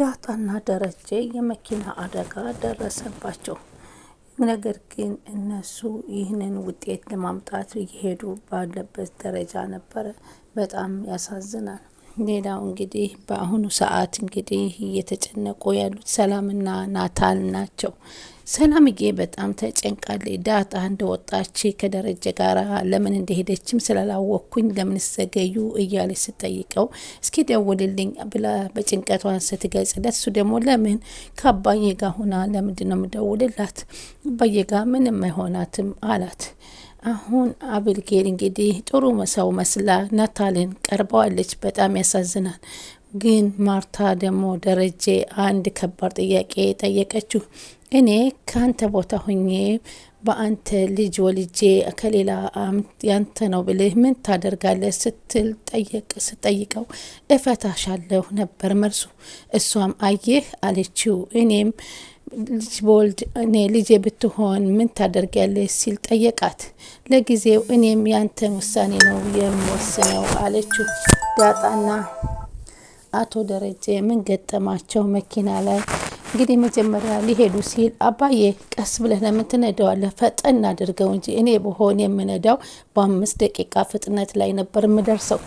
ዳጣና ደረጀ የመኪና አደጋ ደረሰባቸው። ነገር ግን እነሱ ይህንን ውጤት ለማምጣት እየሄዱ ባለበት ደረጃ ነበረ። በጣም ያሳዝናል። ሌላው እንግዲህ በአሁኑ ሰዓት እንግዲህ እየተጨነቁ ያሉት ሰላምና ናታል ናቸው። ሰላምዬ በጣም ተጨንቃለች። ዳጣ እንደወጣች ከደረጀ ጋር ለምን እንደሄደችም ስላላወቅኩኝ ለምን ዘገዩ እያለች ስጠይቀው እስኪ ደውልልኝ ብላ በጭንቀቷን ስትገልጽለት እሱ ደግሞ ለምን ከአባዬ ጋር ሆና ለምንድን ነው የምደውልላት? አባዬ ጋር ምንም አይሆናትም አላት። አሁን አብልጌል እንግዲህ ጥሩ ሰው መስላ ናታልን ቀርበዋለች። በጣም ያሳዝናል። ግን ማርታ ደግሞ ደረጀ አንድ ከባድ ጥያቄ ጠየቀችው። እኔ ከአንተ ቦታ ሁኜ በአንተ ልጅ ወልጄ ከሌላ ያንተ ነው ብልህ ምን ታደርጋለ? ስትል ጠየቅ ስጠይቀው እፈታሻለሁ ነበር መልሱ። እሷም አየህ አለችው። እኔም ልጅ በወልድ እኔ ልጄ ብትሆን ምን ታደርጊያለሽ ሲል ጠየቃት። ለጊዜው እኔም ያንተን ውሳኔ ነው የምወስነው አለችው። ዳጣና አቶ ደረጀ ምን ገጠማቸው? መኪና ላይ እንግዲህ መጀመሪያ ሊሄዱ ሲል አባዬ ቀስ ብለህ ለምን ፈጠን አድርገው እንጂ እኔ በሆን የምነዳው በአምስት ደቂቃ ፍጥነት ላይ ነበር የምደርሰው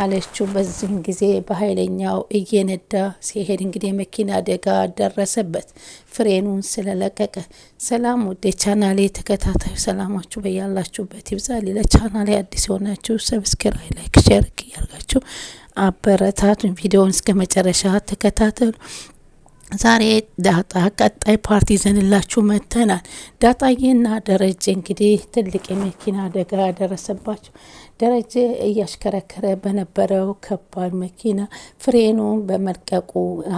አለችው። በዚህን ጊዜ በኃይለኛው እየነዳ ሲሄድ እንግዲህ የመኪና አደጋ ደረሰበት ፍሬኑን ስለለቀቀ። ሰላም ውዴ ቻናሌ ተከታታዩ ሰላማችሁ በያላችሁበት ይብዛል። ለቻናሌ አዲስ የሆናችሁ ሰብስክራይ፣ ላይክ፣ ሸርክ እያርጋችሁ አበረታቱን። ቪዲዮውን እስከ መጨረሻ ተከታተሉ። ዛሬ ዳጣ ቀጣይ ፓርቲ ዘንላችሁ መጥተናል። ዳጣዬና ደረጀ እንግዲህ ትልቅ የመኪና አደጋ ደረሰባቸው። ደረጀ እያሽከረከረ በነበረው ከባድ መኪና ፍሬኑን በመልቀቁ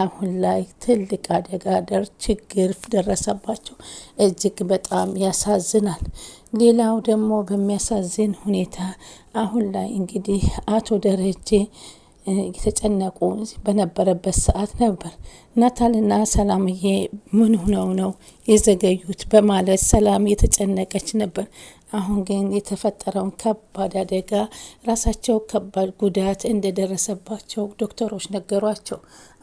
አሁን ላይ ትልቅ አደጋ ደር ችግር ደረሰባቸው። እጅግ በጣም ያሳዝናል። ሌላው ደግሞ በሚያሳዝን ሁኔታ አሁን ላይ እንግዲህ አቶ ደረጀ የተጨነቁ በነበረበት ሰዓት ነበር ናታልና ሰላምዬ ምን ሆነው ነው የዘገዩት በማለት ሰላም የተጨነቀች ነበር። አሁን ግን የተፈጠረውን ከባድ አደጋ ራሳቸው ከባድ ጉዳት እንደደረሰባቸው ዶክተሮች ነገሯቸው።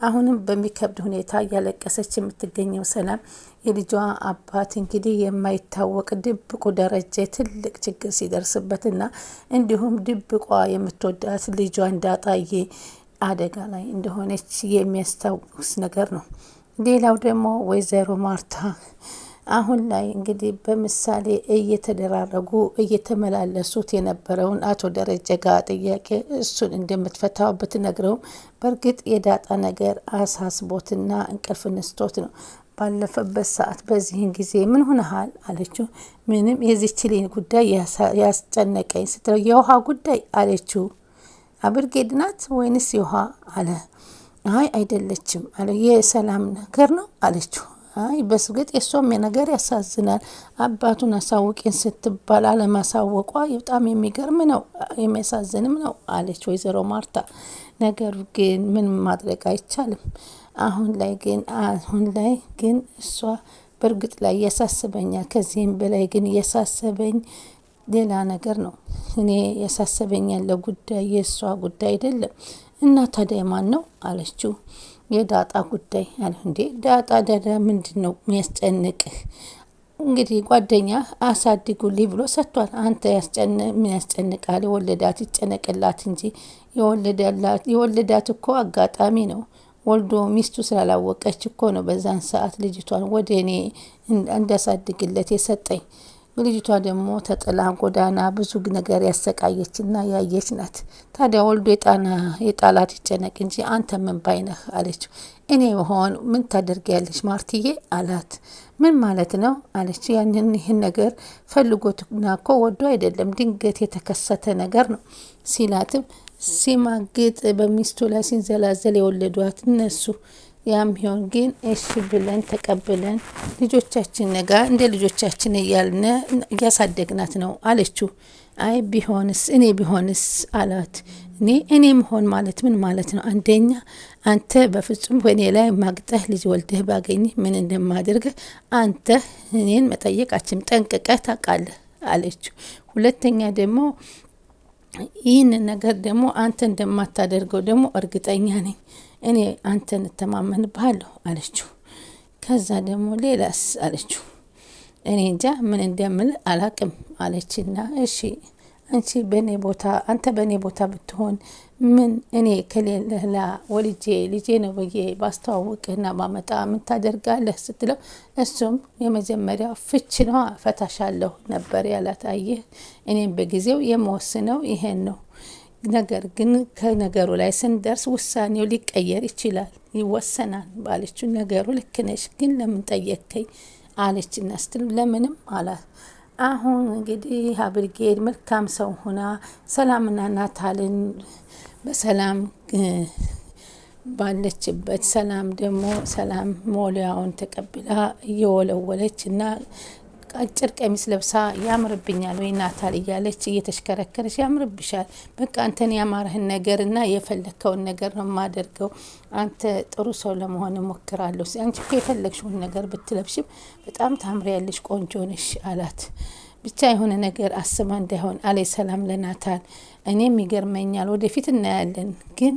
አሁንም በሚከብድ ሁኔታ እያለቀሰች የምትገኘው ሰላም የልጇ አባት እንግዲህ የማይታወቅ ድብቁ ደረጀ ትልቅ ችግር ሲደርስበትና እንዲሁም ድብቋ የምትወዳት ልጇ እንዳጣዬ አደጋ ላይ እንደሆነች የሚያስታውስ ነገር ነው። ሌላው ደግሞ ወይዘሮ ማርታ አሁን ላይ እንግዲህ በምሳሌ እየተደራረጉ እየተመላለሱት የነበረውን አቶ ደረጀ ጋር ጥያቄ እሱን እንደምትፈታው ብትነግረው፣ በእርግጥ የዳጣ ነገር አሳስቦትና እንቅልፍ ንስቶት ነው። ባለፈበት ሰዓት በዚህን ጊዜ ምን ሆነሃል አለችው። ምንም የዚችሌን ጉዳይ ያስጨነቀኝ ስትለው የውሃ ጉዳይ አለችው። አብርጌድ ናት ወይንስ ይውሃ አለ። አይ አይደለችም አለ። የሰላም ነገር ነው አለችው። አይ በስግጥ የእሷም ነገር ያሳዝናል። አባቱን አሳውቂን ስትባል አለማሳወቋ በጣም የሚገርም ነው የሚያሳዝንም ነው አለች ወይዘሮ ማርታ። ነገሩ ግን ምን ማድረግ አይቻልም። አሁን ላይ ግን አሁን ላይ ግን እሷ በእርግጥ ላይ ያሳስበኛል። ከዚህም በላይ ግን እያሳሰበኝ ሌላ ነገር ነው። እኔ ያሳሰበኝ ያለ ጉዳይ የእሷ ጉዳይ አይደለም። እና ታዲያ ማን ነው አለችው። የዳጣ ጉዳይ አለ። እንዴ ዳጣ ዳዳ ምንድን ነው የሚያስጨንቅህ? እንግዲህ ጓደኛ አሳድጉልኝ ብሎ ሰጥቷል። አንተ ምን ያስጨንቃል? የወለዳት ይጨነቅላት እንጂ የወለዳት እኮ አጋጣሚ ነው። ወልዶ ሚስቱ ስላላወቀች እኮ ነው በዛን ሰዓት ልጅቷን ወደ እኔ እንዳሳድግለት የሰጠኝ። ልጅቷ ደግሞ ተጥላ ጎዳና ብዙ ነገር ያሰቃየችና ያየች ናት። ታዲያ ወልዶ የጣላት ይጨነቅ እንጂ አንተ ምን ባይነህ አለችው። እኔ ሆን ምን ታደርጊያለሽ ማርትዬ አላት። ምን ማለት ነው አለች። ያንን ይህን ነገር ፈልጎትና እኮ ወዶ አይደለም ድንገት የተከሰተ ነገር ነው ሲላትም ሲማግጥ በሚስቱ ላይ ሲንዘላዘል የወለዷት እነሱ ያም ቢሆን ግን እሺ ብለን ተቀብለን ልጆቻችን ጋር እንደ ልጆቻችን እያልነ እያሳደግናት ነው አለችው። አይ ቢሆንስ እኔ ቢሆንስ አላት። እኔ እኔ መሆን ማለት ምን ማለት ነው? አንደኛ አንተ በፍጹም በእኔ ላይ ማግጠህ ልጅ ወልደህ ባገኝ ምን እንደማደርግህ አንተ እኔን መጠየቃችን ጠንቅቀህ ታውቃለህ አለችው። ሁለተኛ ደግሞ ይህንን ነገር ደግሞ አንተ እንደማታደርገው ደግሞ እርግጠኛ ነኝ እኔ አንተን እተማመንብሃለሁ አለችው። ከዛ ደግሞ ሌላስ አለችው። እኔ እንጃ ምን እንደምል አላቅም አለችና እሺ አንቺ በእኔ ቦታ አንተ በእኔ ቦታ ብትሆን ምን እኔ ከሌለላ ወልጄ ልጄ ነው ብዬ ባስተዋውቅህና ባመጣ ምን ታደርጋለህ ስትለው እሱም የመጀመሪያ ፍች ነዋ ፈታሻለሁ ነበር ያላት። አየህ እኔም በጊዜው የምወስነው ይሄን ነው ነገር ግን ከነገሩ ላይ ስንደርስ ውሳኔው ሊቀየር ይችላል፣ ይወሰናል ባለችው ነገሩ ልክ ነሽ፣ ግን ለምን ጠየቅከኝ አለችና ስትል ለምንም አላት። አሁን እንግዲህ አብርጌድ መልካም ሰው ሆና ሰላምና ናታልን በሰላም ባለችበት ሰላም ደግሞ ሰላም ሞሊያውን ተቀብላ እየወለወለች እና አጭር ቀሚስ ለብሳ ያምርብኛል ወይ ናታል እያለች እየተሽከረከረች ያምርብሻል፣ በቃ አንተን ያማረህን ነገር እና የፈለግከውን ነገር ነው የማደርገው። አንተ ጥሩ ሰው ለመሆን እሞክራለሁ። አንቺ እኮ የፈለግሽውን ነገር ብትለብሽም በጣም ታምሪያለሽ፣ ቆንጆ ነሽ አላት። ብቻ የሆነ ነገር አስባ እንዳይሆን አለ ሰላም ለናታል። እኔም ይገርመኛል፣ ወደፊት እናያለን። ግን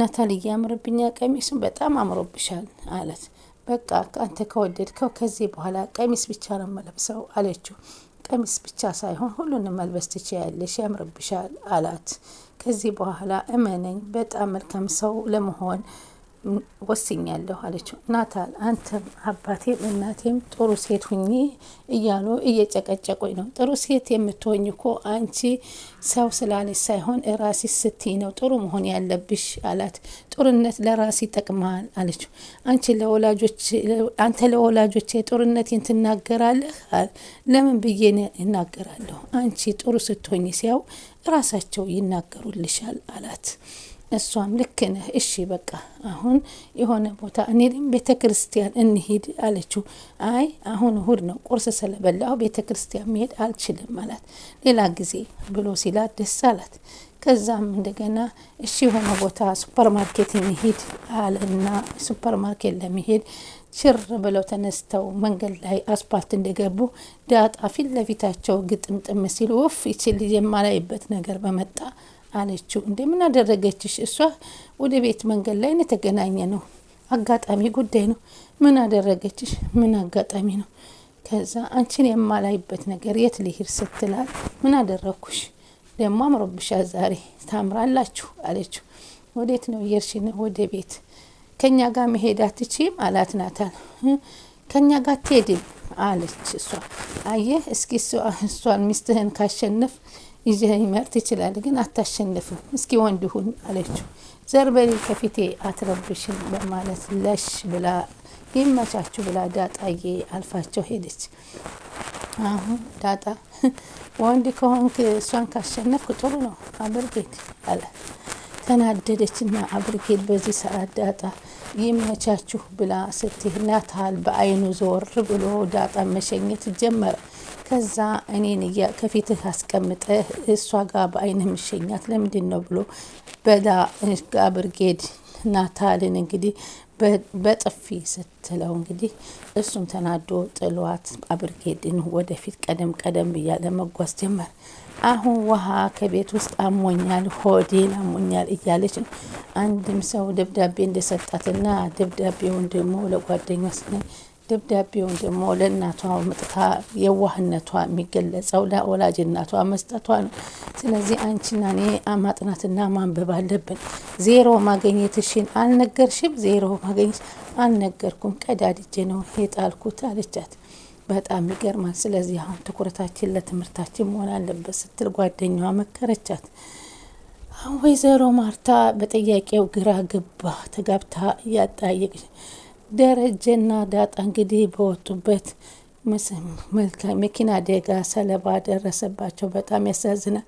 ናታል እያምርብኛ ቀሚሱን በጣም አምሮብሻል አላት። በቃ አንተ ከወደድከው ከዚህ በኋላ ቀሚስ ብቻ ነው መለብሰው አለችው። ቀሚስ ብቻ ሳይሆን ሁሉንም መልበስ ትችያለሽ፣ ያምርብሻል አላት። ከዚህ በኋላ እመነኝ በጣም መልካም ሰው ለመሆን ወስኛለሁ አለችው። ናታል አንተም አባቴም እናቴም ጥሩ ሴት ሁኚ እያሉ እየጨቀጨቁኝ ነው። ጥሩ ሴት የምትሆኝ እኮ አንቺ ሰው ስላለች ሳይሆን ራሲ ስትይ ነው ጥሩ መሆን ያለብሽ አላት። ጥሩነት ለራሲ ይጠቅማል አለችው። አንቺ ለወላጆች አንተ ለወላጆች ጥሩነቴን ትናገራለህ? ለምን ብዬ እናገራለሁ? አንቺ ጥሩ ስትሆኝ ሲያው ራሳቸው ይናገሩልሻል አላት። እሷም ልክ ነህ፣ እሺ በቃ አሁን የሆነ ቦታ እኔም ቤተ ክርስቲያን እንሂድ አለችው። አይ አሁን እሁድ ነው ቁርስ ስለበላሁ ቤተ ክርስቲያን መሄድ አልችልም አላት። ሌላ ጊዜ ብሎ ሲላት ደስ አላት። ከዛም እንደገና እሺ የሆነ ቦታ ሱፐር ማርኬት እንሂድ አለና ሱፐር ማርኬት ለመሄድ ችር ብለው ተነስተው መንገድ ላይ አስፓልት እንደገቡ ዳጣ ፊት ለፊታቸው ግጥምጥም ሲል ውፍ ይችል የማላይበት ነገር በመጣ አለችው። እንዴ ምን አደረገችሽ? እሷ ወደ ቤት መንገድ ላይ የተገናኘ ነው፣ አጋጣሚ ጉዳይ ነው። ምን አደረገችሽ? ምን አጋጣሚ ነው? ከዛ አንቺን የማላይበት ነገር የት ልሂድ ስትላል፣ ምን አደረግኩሽ? ደግሞ አምሮብሻ ዛሬ ታምራላችሁ አለችው። ወዴት ነው የርሽን? ወደ ቤት ከኛ ጋር መሄድ አትችም አላት ናታል። ከእኛ ጋር ትሄድም አለች እሷ። አየህ እስኪ እሷን ሚስትህን ካሸነፍ ይዘህ ይመርት ይችላል፣ ግን አታሸንፍም። እስኪ ወንድ ሁን አለችው። ዘርበሌ ከፊቴ አትረብሽን በማለት ለሽ ብላ ይመቻችሁ ብላ ዳጣዬ አልፋቸው ሄደች። አሁን ዳጣ ወንድ ከሆንክ እሷን ካሸነፍክ ጥሩ ነው አብርጌል አለ። ተናደደች ተናደደችና አብርጌል በዚህ ሰዓት ዳጣ ይመቻችሁ ብላ ስትህ ናታል በአይኑ ዞር ብሎ ዳጣ መሸኘት ጀመረ። ከዛ እኔን እያ ከፊትህ አስቀምጠህ እሷ ጋር በአይንህ ምሸኛት ለምንድን ነው ብሎ በዳ ብርጌድ ናታልን እንግዲህ በጥፊ ስትለው እንግዲህ እሱም ተናዶ ጥሏት አብርጌድን ወደፊት ቀደም ቀደም እያለ መጓዝ ጀመር። አሁን ውሃ ከቤት ውስጥ አሞኛል፣ ሆዴን አሞኛል እያለች ነው። አንድም ሰው ደብዳቤ እንደሰጣትና ደብዳቤውን ደግሞ ለጓደኛ ስናይ ደብዳቤውን ደግሞ ለእናቷ መጥታ የዋህነቷ የሚገለጸው ለወላጅ እናቷ መስጠቷ ነው። ስለዚህ አንቺና እኔ ማጥናትና ማንበብ አለብን። ዜሮ ማግኘትሽን አልነገርሽም። ዜሮ ማገኘት አልነገርኩም፣ ቀዳድጄ ነው የጣልኩት አለቻት። በጣም ይገርማል። ስለዚህ አሁን ትኩረታችን ለትምህርታችን መሆን አለበት ስትል ጓደኛዋ መከረቻት። ወይዘሮ ማርታ በጥያቄው ግራ ገባ ተጋብታ እያጣየቅ ደረጀና ዳጣ እንግዲህ በወጡበት መኪና አደጋ ሰለባ ደረሰባቸው። በጣም ያሳዝናል።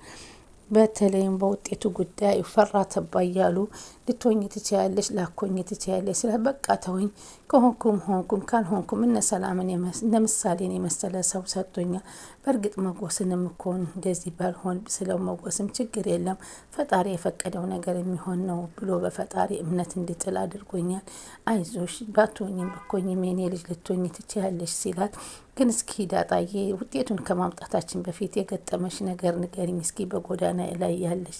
በተለይም በውጤቱ ጉዳይ ፈራ ተባ እያሉ ልትሆኝ ትችያለሽ፣ ላኮኝ ትችያለሽ ስለ በቃ ተወኝ፣ ከሆንኩም ሆንኩም ካልሆንኩም እነ ሰላምን እነ ምሳሌን የመሰለ ሰው ሰጥቶኛል። በእርግጥ መጎስንም ኮን እንደዚህ ባልሆን ስለው መጎስም ችግር የለም ፈጣሪ የፈቀደው ነገር የሚሆን ነው ብሎ በፈጣሪ እምነት እንድጥል አድርጎኛል። አይዞሽ ባትሆኝም ብኮኝም የኔ ልጅ ልትሆኝ ትችያለሽ ሲላት ግን እስኪ ዳጣዬ ውጤቱን ከማምጣታችን በፊት የገጠመሽ ነገር ንገሪኝ፣ እስኪ በጎዳና ላይ ያለሽ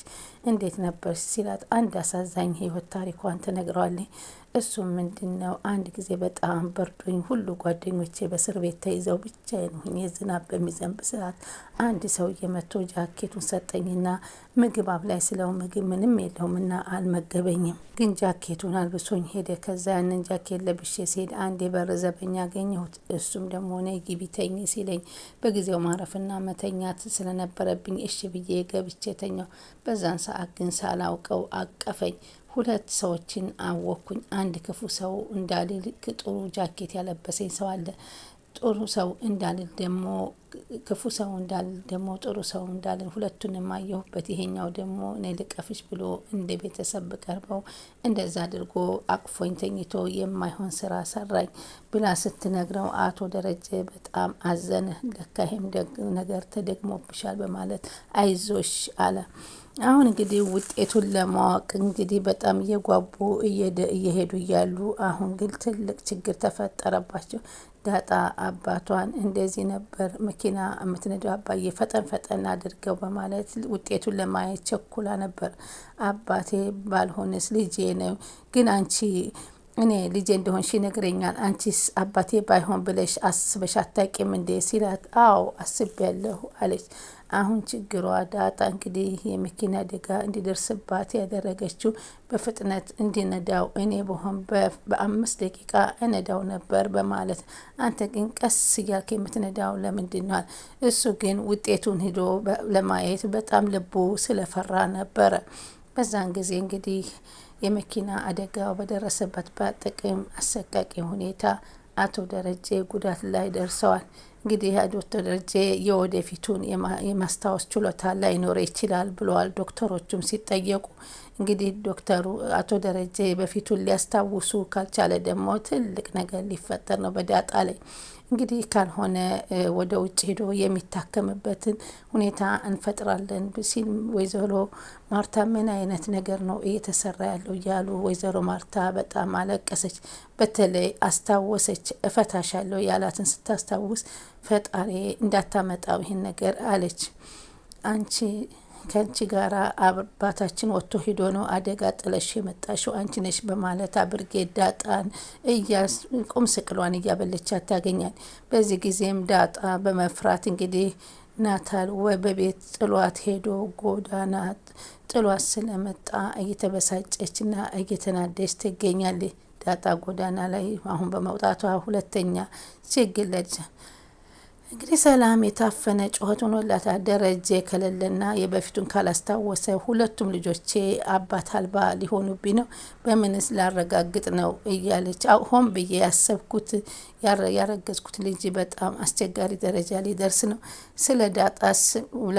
እንዴት ነበር ሲላት አንድ አሳዛኝ ህይወት ታሪኳን ትነግረዋለች። እሱም ምንድን ነው አንድ ጊዜ በጣም በርዶኝ ሁሉ ጓደኞቼ በእስር ቤት ተይዘው ብቻዬን ሆኜ ዝናብ በሚዘንብ ሰዓት አንድ ሰው የመቶ ጃኬቱን ሰጠኝና ምግብ አብላይ ስለው ምግብ ምንም የለውምና አልመገበኝም፣ ግን ጃኬቱን አልብሶኝ ሄደ። ከዛ ያንን ጃኬት ለብሼ ሲሄድ አንድ የበር ዘበኛ ያገኘሁት። እሱም ደግሞ ሆነ ግቢ ተኝ ሲለኝ በጊዜው ማረፍና መተኛት ስለነበረብኝ እሺ ብዬ ገብቼ ተኛው። በዛን ሰዓት ግን ሳላውቀው አቀፈኝ። ሁለት ሰዎችን አወቅኩኝ። አንድ ክፉ ሰው እንዳልልቅ ጥሩ ጃኬት ያለበሰኝ ሰው አለ። ጥሩ ሰው እንዳልል ደግሞ ክፉ ሰው እንዳል ደግሞ ጥሩ ሰው እንዳልል ሁለቱን የማየሁበት ይሄኛው ደግሞ እኔ ልቀፍሽ ብሎ እንደ ቤተሰብ ብቀርበው እንደዛ አድርጎ አቅፎኝ ተኝቶ የማይሆን ስራ ሰራኝ ብላ ስትነግረው አቶ ደረጀ በጣም አዘነ። ለካ ይሄም ነገር ተደግሞብሻል በማለት አይዞሽ አለ። አሁን እንግዲህ ውጤቱን ለማወቅ እንግዲህ በጣም እየጓቡ እየሄዱ እያሉ አሁን ግን ትልቅ ችግር ተፈጠረባቸው። ዳጣ አባቷን እንደዚህ ነበር መኪና የምትነዳው አባዬ ፈጠን ፈጠን አድርገው በማለት ውጤቱን ለማየት ቸኩላ ነበር። አባቴ ባልሆነስ ልጄ ነው ግን አንቺ እኔ ልጄ እንደሆንሽ ይነግረኛል። አንቺስ አባቴ ባይሆን ብለሽ አስበሽ አታቂም እንዴ ሲላት፣ አዎ አስቤያለሁ አለች። አሁን ችግሯ ዳጣ እንግዲህ የመኪና አደጋ እንዲደርስባት ያደረገችው በፍጥነት እንዲነዳው እኔ በሆን በአምስት ደቂቃ እነዳው ነበር በማለት አንተ ግን ቀስ እያልክ የምትነዳው ለምንድናል? እሱ ግን ውጤቱን ሂዶ ለማየት በጣም ልቡ ስለፈራ ነበረ። በዛን ጊዜ እንግዲህ የመኪና አደጋ በደረሰበት በጥቅም አሰቃቂ ሁኔታ አቶ ደረጀ ጉዳት ላይ ደርሰዋል። እንግዲህ ዶክተር ደረጀ የወደፊቱን የማስታወስ ችሎታ ላይኖር ይችላል ብለዋል። ዶክተሮቹም ሲጠየቁ እንግዲህ ዶክተሩ አቶ ደረጀ በፊቱን ሊያስታውሱ ካልቻለ ደግሞ ትልቅ ነገር ሊፈጠር ነው በዳጣ ላይ እንግዲህ ካልሆነ ወደ ውጭ ሄዶ የሚታከምበትን ሁኔታ እንፈጥራለን ሲል ወይዘሮ ማርታ ምን አይነት ነገር ነው እየተሰራ ያለው እያሉ ወይዘሮ ማርታ በጣም አለቀሰች። በተለይ አስታወሰች እፈታሻለሁ ያላትን ስታስታውስ ፈጣሪ እንዳታመጣው ይህን ነገር አለች። አንቺ ከአንቺ ጋር አባታችን ወጥቶ ሂዶ ነው አደጋ ጥለሽ የመጣሽው አንቺ ነሽ በማለት አብርጌ ዳጣን ቁም ስቅሏን እያበለቻት ታገኛል። በዚህ ጊዜም ዳጣ በመፍራት እንግዲህ ናታል ወይ በቤት ጥሏት ሄዶ ጎዳና ጥሏት ስለመጣ እየተበሳጨችና እየተናደች ትገኛለች። ዳጣ ጎዳና ላይ አሁን በመውጣቷ ሁለተኛ ችግር እንግዲህ ሰላም የታፈነ ጩኸት ሆኖላታል። ደረጀ ከሌለና የበፊቱን ካላስታወሰ ሁለቱም ልጆቼ አባት አልባ ሊሆኑብኝ ነው፣ በምንስ ላረጋግጥ ነው እያለች ሆን ብዬ ያሰብኩት ያረገዝኩት ልጅ በጣም አስቸጋሪ ደረጃ ሊደርስ ነው። ስለ ዳጣስ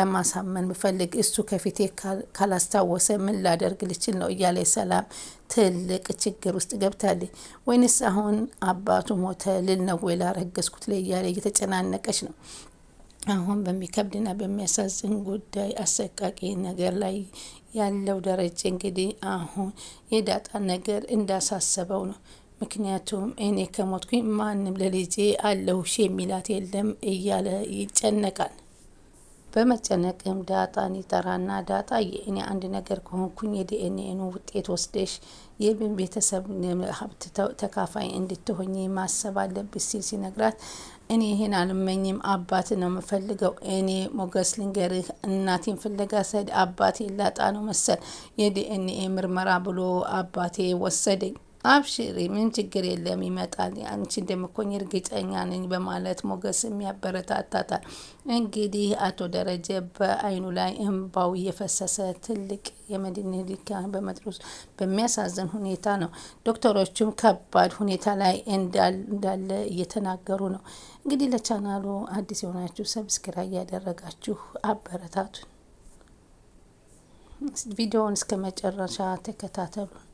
ለማሳመን ብፈልግ እሱ ከፊቴ ካላስታወሰ ምን ላደርግ ልችል ነው እያለ ሰላም ትልቅ ችግር ውስጥ ገብታለች። ወይንስ አሁን አባቱ ሞተ ልል ነው ወይ ላረገዝኩት ላይ እያለ እየተጨናነቀች ነው። አሁን በሚከብድና በሚያሳዝን ጉዳይ አሰቃቂ ነገር ላይ ያለው ደረጀ እንግዲህ አሁን የዳጣ ነገር እንዳሳሰበው ነው። ምክንያቱም እኔ ከሞትኩኝ ማንም ለልጄ አለሁሽ የሚላት የለም እያለ ይጨነቃል። በመጨነቅም ዳጣን ይጠራና ዳጣ የእኔ አንድ ነገር ከሆንኩኝ የዲኤንኤን ውጤት ወስደሽ የምን ቤተሰብ ሀብት ተካፋይ እንድትሆኝ ማሰብ አለብሽ ሲል ሲነግራት እኔ ይህን አልመኝም፣ አባት ነው የምፈልገው። እኔ ሞገስ ልንገርህ፣ እናቴን ፍለጋ ሰድ አባቴ ላጣ ነው መሰል የዲኤንኤ ምርመራ ብሎ አባቴ ወሰደኝ አብሽሪ፣ ምን ችግር የለም ይመጣል፣ አንቺ እንደምኮኝ እርግጠኛ ነኝ በማለት ሞገስም ያበረታታታል። እንግዲህ አቶ ደረጀ በአይኑ ላይ እንባው እየፈሰሰ ትልቅ ሊካ በመጥሩስ በሚያሳዝን ሁኔታ ነው። ዶክተሮቹም ከባድ ሁኔታ ላይ እንዳለ እየተናገሩ ነው። እንግዲህ ለቻናሉ አዲስ የሆናችሁ ሰብስክራይብ ያደረጋችሁ አበረታቱን። ቪዲዮውን እስከ መጨረሻ ተከታተሉ።